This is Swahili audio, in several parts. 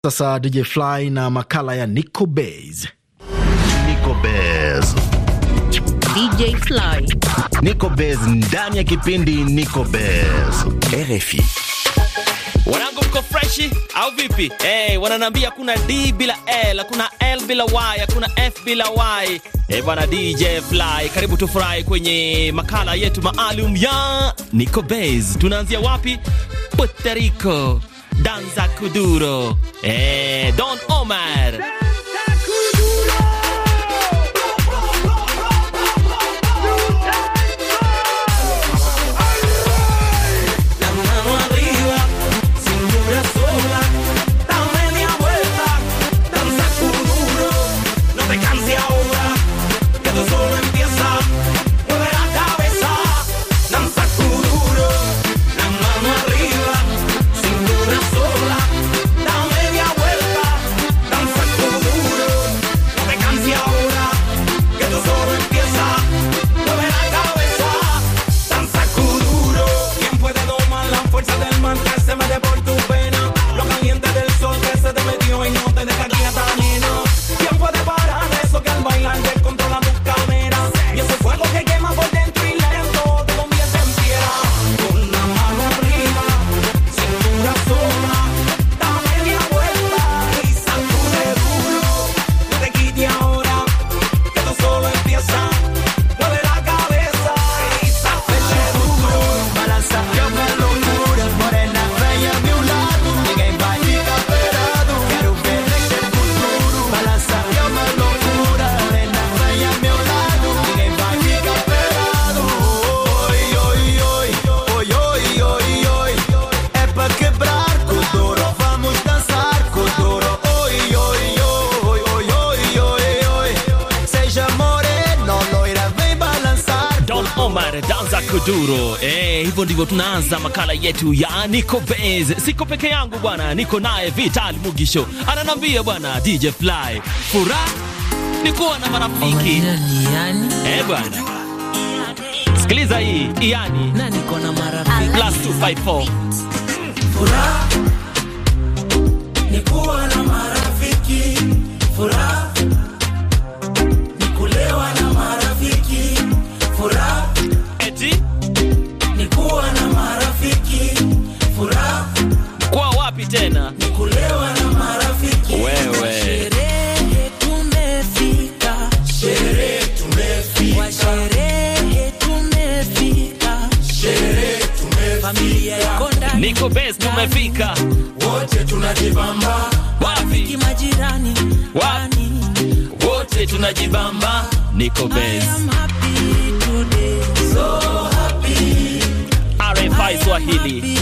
Sasa DJ Fly na makala ya Nico Bays. Nico Bays. DJ Fly. Nico Bays ndani ya kipindi Nico Bays. RFI. Wanangu mko freshi au vipi? Hey, eh, wananambia kuna D bila L, kuna L bila Y, kuna F bila Y. Hey, eh, bwana DJ Fly, karibu tufurahi kwenye makala yetu maalum ya Nico Bays. Tunaanzia wapi? Puerto Rico. Danza Kuduro e eh, Don Omar. duro eh, hivyo ndivyo tunaanza makala yetu ya Niko Base. Siko peke yangu bwana, niko naye Vital Mugisho ananambia bwana DJ Fly, furaha ni kuwa na marafiki eh bwana, sikiliza hii yani na niko na marafiki plus 254 furaha 弟弟。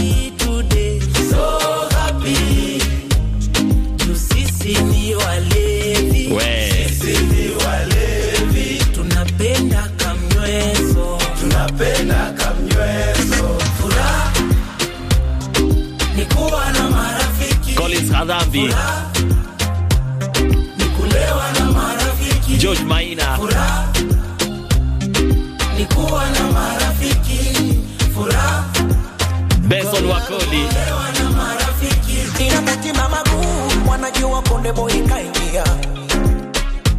debo ikaingia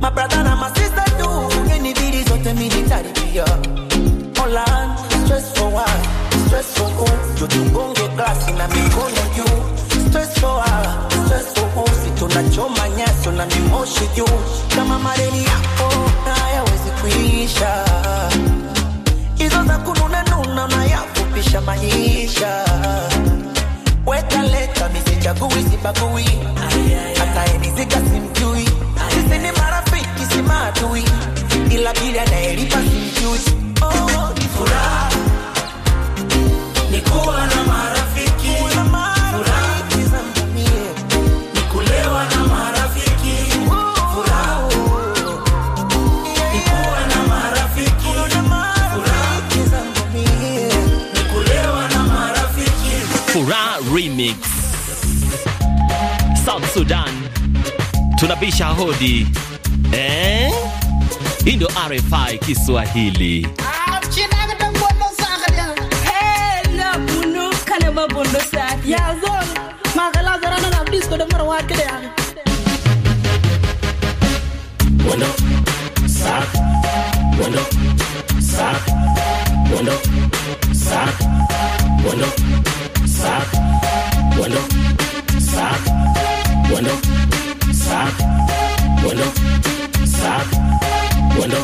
my brother na my sister do nini dili zote militaribia online stress for why stress for who tutungonge glasi na mikono yu stress for why stress for who si tunachoma nyaso na mimoshi juu kama mareni yako hayawezi kuisha hizo za kununanuna unayafupisha maisha weka leta misichagui, sibagui, hata enizika simjui, sisi ni marafiki si maadui, ila bila anayelipa simjui oh. hodi eh? Hii RFI Kiswahili. Wando, sak, wando, sak, wando, sak, wando, sak, wando, sak, wando, bueno, sac, bueno,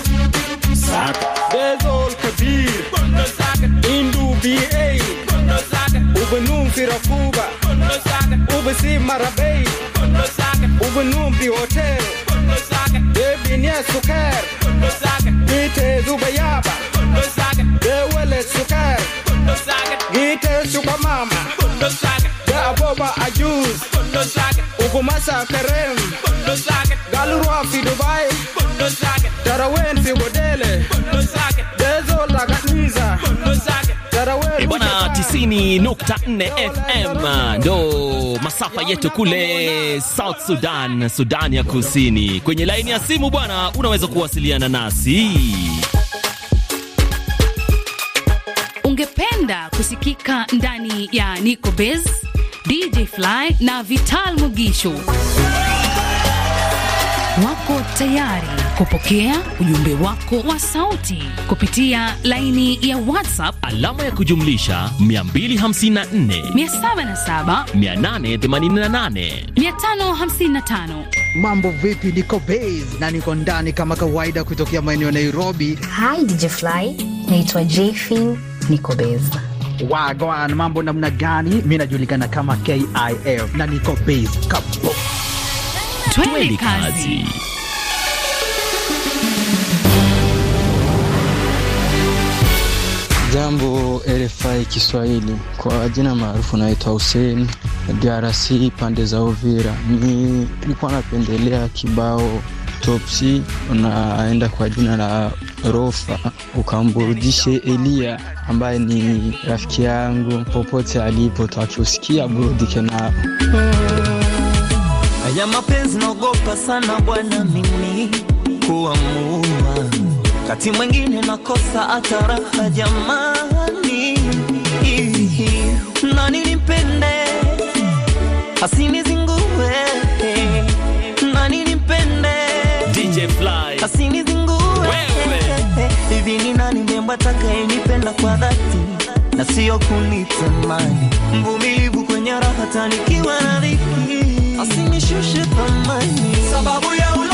sac. Bezol Kabir, bueno, sac. Indu BA, bueno, sac. Ubenum Firakuba, bueno, sac. Ubesi Marabey, bueno, sac. Ubenum pi Hotel, bueno, sac. Debinia Sukar, bueno, sac. Bite Zubayaba, bueno, sac. Dewele Sukar. Sakaren Kerem, Galurwa fi Dubai Bundesliga Tarawen fi Godele Bundesliga Dezo la Gatmiza Bundesliga eh, Bwana 90.4 FM ndo masafa yetu kule South Sudan, Sudan ya Kusini. Kwenye laini ya simu bwana, unaweza kuwasiliana nasi. Ungependa kusikika ndani ya Nico Bez DJ Fly na Vital Mugisho wako tayari kupokea ujumbe wako wa sauti kupitia laini ya WhatsApp alama ya kujumlisha 254 Mambo vipi? Niko base na niko ndani kama kawaida kutokea maeneo ya Nairobi. Hi DJ Fly, naitwa Jfin, niko base Wagwan, mambo namna gani? Mi najulikana kama KIF na niko base kapo. Jambo RFI Kiswahili, kwa jina maarufu naitwa husein DRC, pande za Uvira. nilikuwa napendelea kibao autopsi, unaenda kwa jina la Rofa ukamburudishe Elia ambaye ni rafiki yangu, popote alipo takiusikia burudike nao. Haya mapenzi naogopa sana bwana, mimi kuwa muma kati mwingine nakosa hata raha jamani, nani nimpende asinizi kupenda kwa dhati na sio kunitamani, mvumilivu kwenye raha, hata na dhiki asinishushe thamani sababu ya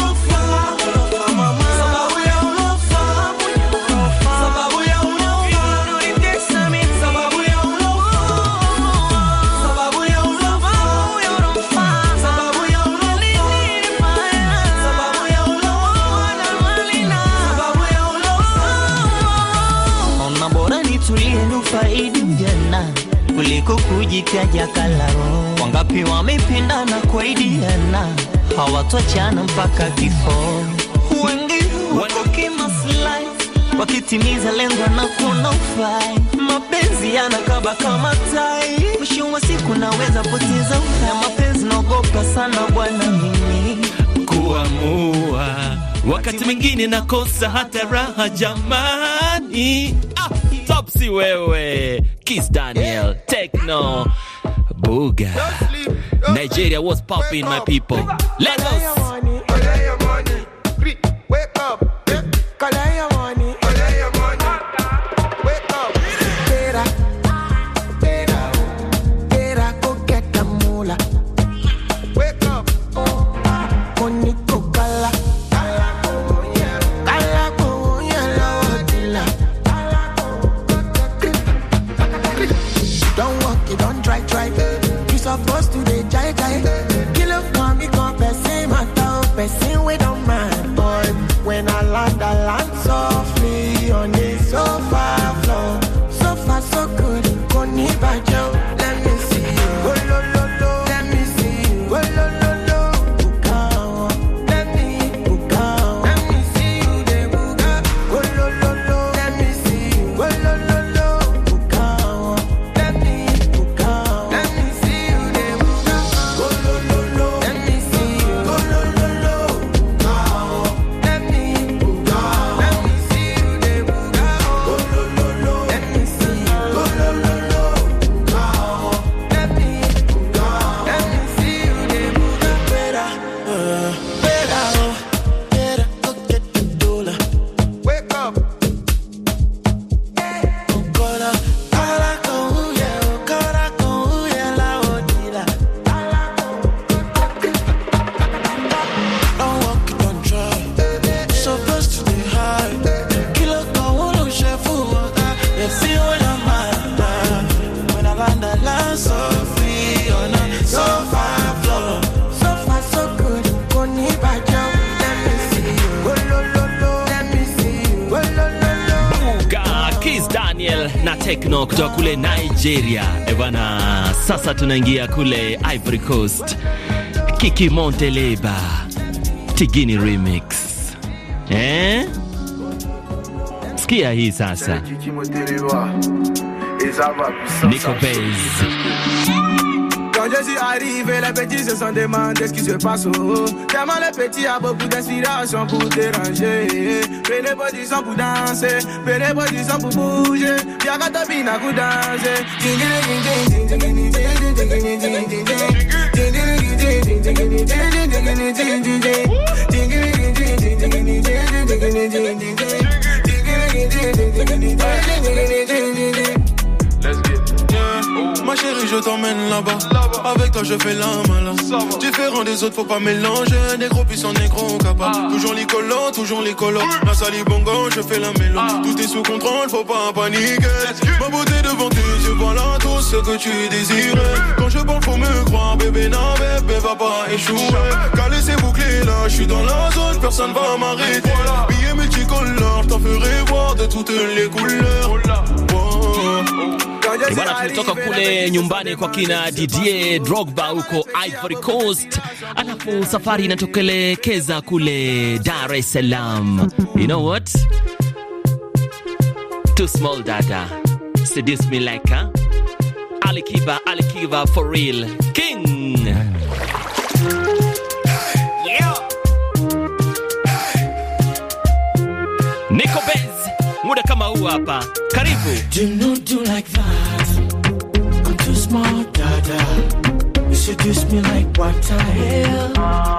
tuliyenufaidi ujana kuliko kujitaja kalao. Wangapi na kuahidiana hawatoachana mpaka kifo. Wengi wako kimaslahi wakitimiza lengo na kuna ufai, mapenzi yanakaba kama tai, mwisho wa siku naweza poteza uhai. Mapenzi naogopa sana bwana mimi kuamua, wakati mwingine nakosa hata raha jamani, ah! Topsy wewe, Kiss Daniel, Techno, Booga. Nigeria was popping, my people. Let us. Daniel na Tekno kutoka kule Nigeria. Eh, bwana, sasa tunaingia kule Ivory Coast, Kiki Monteleba Tigini remix eh? Sikia hii sasa, Niko Base Quand je suis arrivé, les petits se sont demandés ce qui se passe. Oh, oh. Tellement les petits a beaucoup d'inspiration pour déranger. Prenez pour danser, prenez pour bouger. Viens à Let's get oh. chérie, je t'emmène là-bas. Avec toi je fais la malade Différent des autres faut pas mélanger gros puissant négro capable Toujours les ah. collants, toujours les colons mmh. sali bongo je fais la mélange ah. Tout est sous contrôle faut pas paniquer Ma beauté devant tes yeux voilà tout ce que tu désirais Quand je parle faut me croire bébé non bébé va pas échouer Calé c'est bouclé là je suis dans la zone personne va m'arrêter voilà. Billets t'en ferai voir de toutes les couleurs Bwana, tumetoka kule nyumbani kwa kina Didier Drogba huko Ivory Coast, alafu safari inatokelekeza kule Dar es Salaam. You know what? Too small dada seduce me like huh? Alikiba, Alikiba for real king yeah. Nico muda kama huu hapa, karibu do not do like that. small, dada, You seduce me like water. Yeah.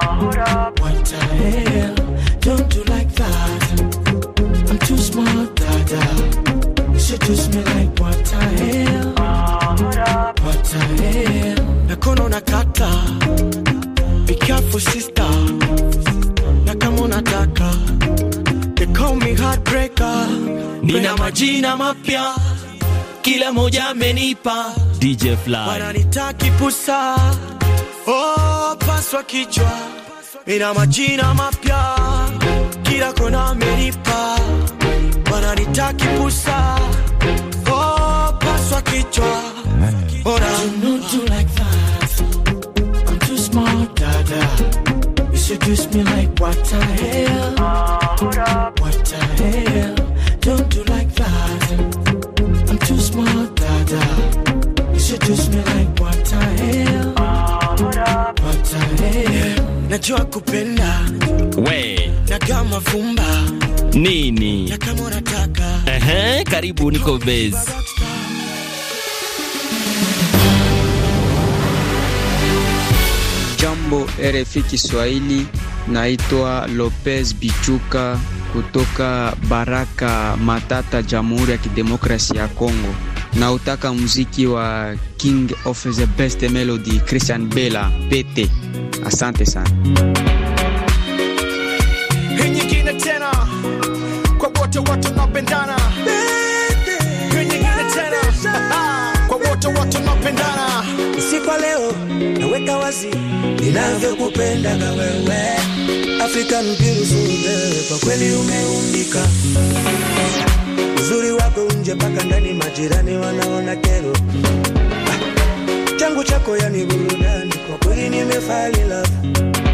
kila moja amenipa DJ Fly, wananitaki pusa, oh, paswa kichwa, ina majina mapya kila kona amenipa, wananitaki pusa Base. Jambo RFI Kiswahili, naitwa Lopez Bichuka kutoka Baraka Matata, Jamhuri ya Kidemokrasia ya Kongo. Nautaka muziki wa King of the Best Melody, Christian Bella Pete. Asante sana. Hii nyingine tena kwa wote watu napendana tunapendana. siku leo naweka wazi na wewe, African Beauty, kwa kweli umeumbika uzuri wako nje mpaka ndani, majirani wanaona kero changu chako yani burudani, kwa kweli nimefali love,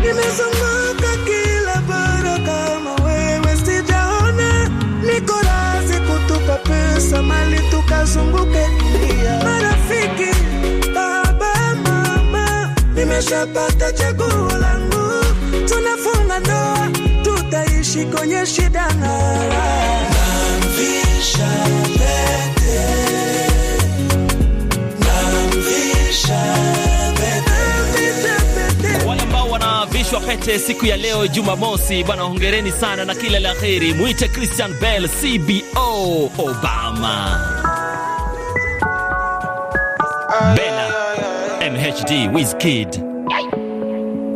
nimezunguka kila bara kama wewe sijaona nikora Samali tukazunguke dunia, marafiki, baba, mama, nimeshapata chaguo langu, tunafunga ndoa, tutaishi kwenye shida ngara na Kichwa pete siku ya leo Jumamosi bwana, hongereni sana na kila la heri. Mwite Christian Bell CBO Obama Bella MHD Wizkid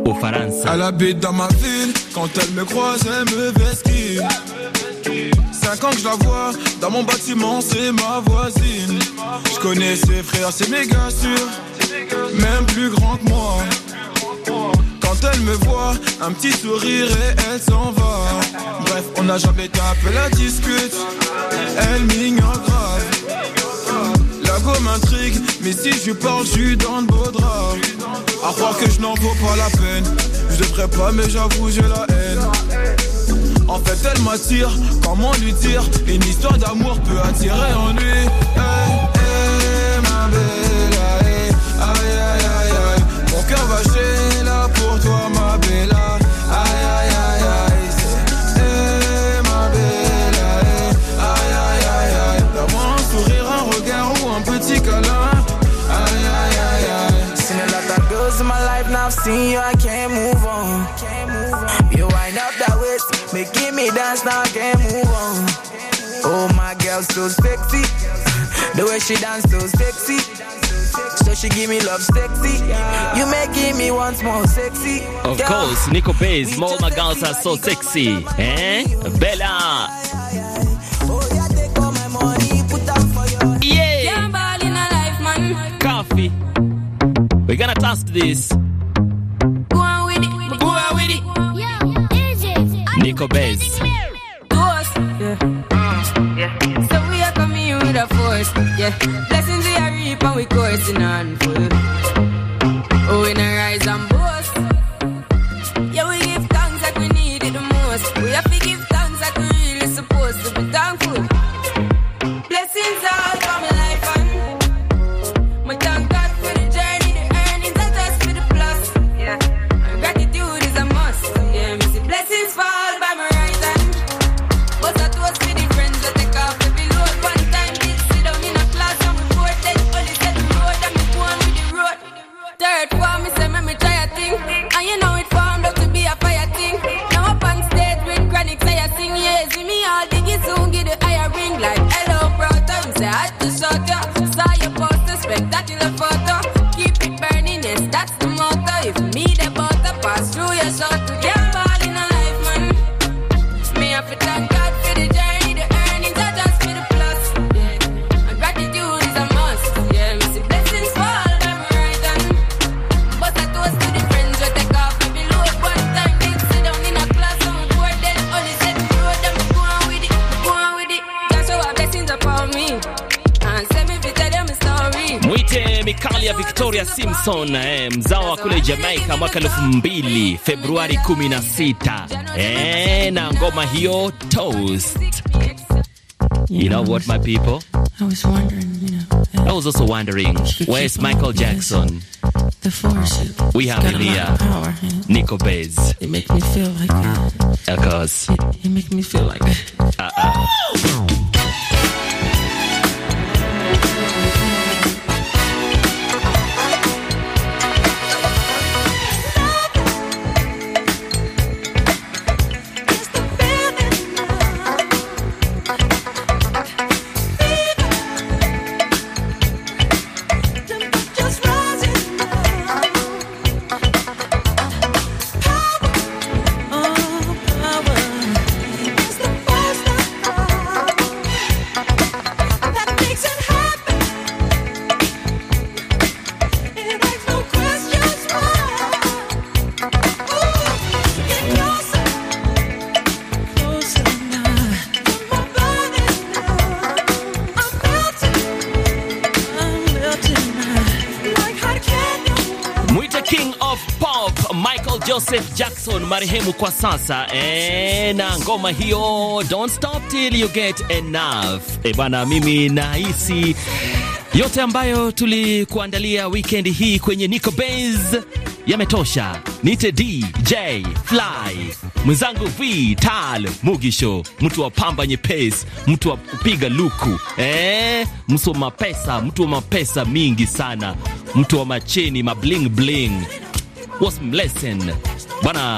au Faransa. Elle habite dans ma ville, quand elle me croise, elle me vesquine. Cinq ans que je la vois, dans mon bâtiment, c'est ma voisine. Je connais ses frères, c'est méga sûr, même plus grand que moi. Quand elle me voit, un petit sourire et elle s'en va. Bref, on n'a jamais tapé la discute. Elle m'ignore grave. La go m'intrigue, mais si je parle, je suis dans le beau drap. À croire que je n'en vaux pas la peine. Je devrais pas, mais j'avoue, j'ai la haine. En fait, elle m'attire, comment lui dire Une histoire d'amour peut attirer en lui. Hey, eh, eh, ma belle, aïe, aïe, aïe, aïe, mon cœur va chez pour toi, ma bella. Aïe, aïe, aïe, aïe. C'est eh, ma bella. ay eh. Aïe, aïe, aïe, aïe. D'avoir un sourire, un regard ou un petit câlin. Aïe, aïe, aïe, aïe. Seen a lot of girls in my life, now I've seen you, I can't move on. You wind up that waist, making me dance, now I can't move on. Oh, my girl, so sexy. The way she dance, so sexy. she give me love sexy. You give me once more sexy. Of yeah. course, Nico Bays, all my girls are so sexy. Eh? Bella. We're gonna test this. Go on with it. Go on with it. Yeah. Nico Bays. Mm, yeah. So we are coming with a force. Yeah. Blessings keep on we coursing on full serikali ya Victoria Simpson eh, mzao wa kule Jamaica mwaka 2000 Februari 16 eh, na ngoma hiyo Toast. You know what my people? I was wondering, you know. Uh, I was also wondering, where's Michael Jackson? The force. We have in here power, Nico Bays. It makes me feel like uh, Of course. It, it me feel like Uh-uh. Paul Joseph Jackson marehemu kwa sasa e, na ngoma hiyo Don't Stop Till You Get Enough. E bwana, mimi nahisi yote ambayo tulikuandalia weekend hii kwenye Nico Base yametosha. Nite DJ Fly mwenzangu V Tal Mugisho, mtu wa pamba nyepesi, mtu wa kupiga luku e, mtu wa mapesa, mtu wa mapesa mingi sana, mtu wa macheni mabling bling What's blessing bana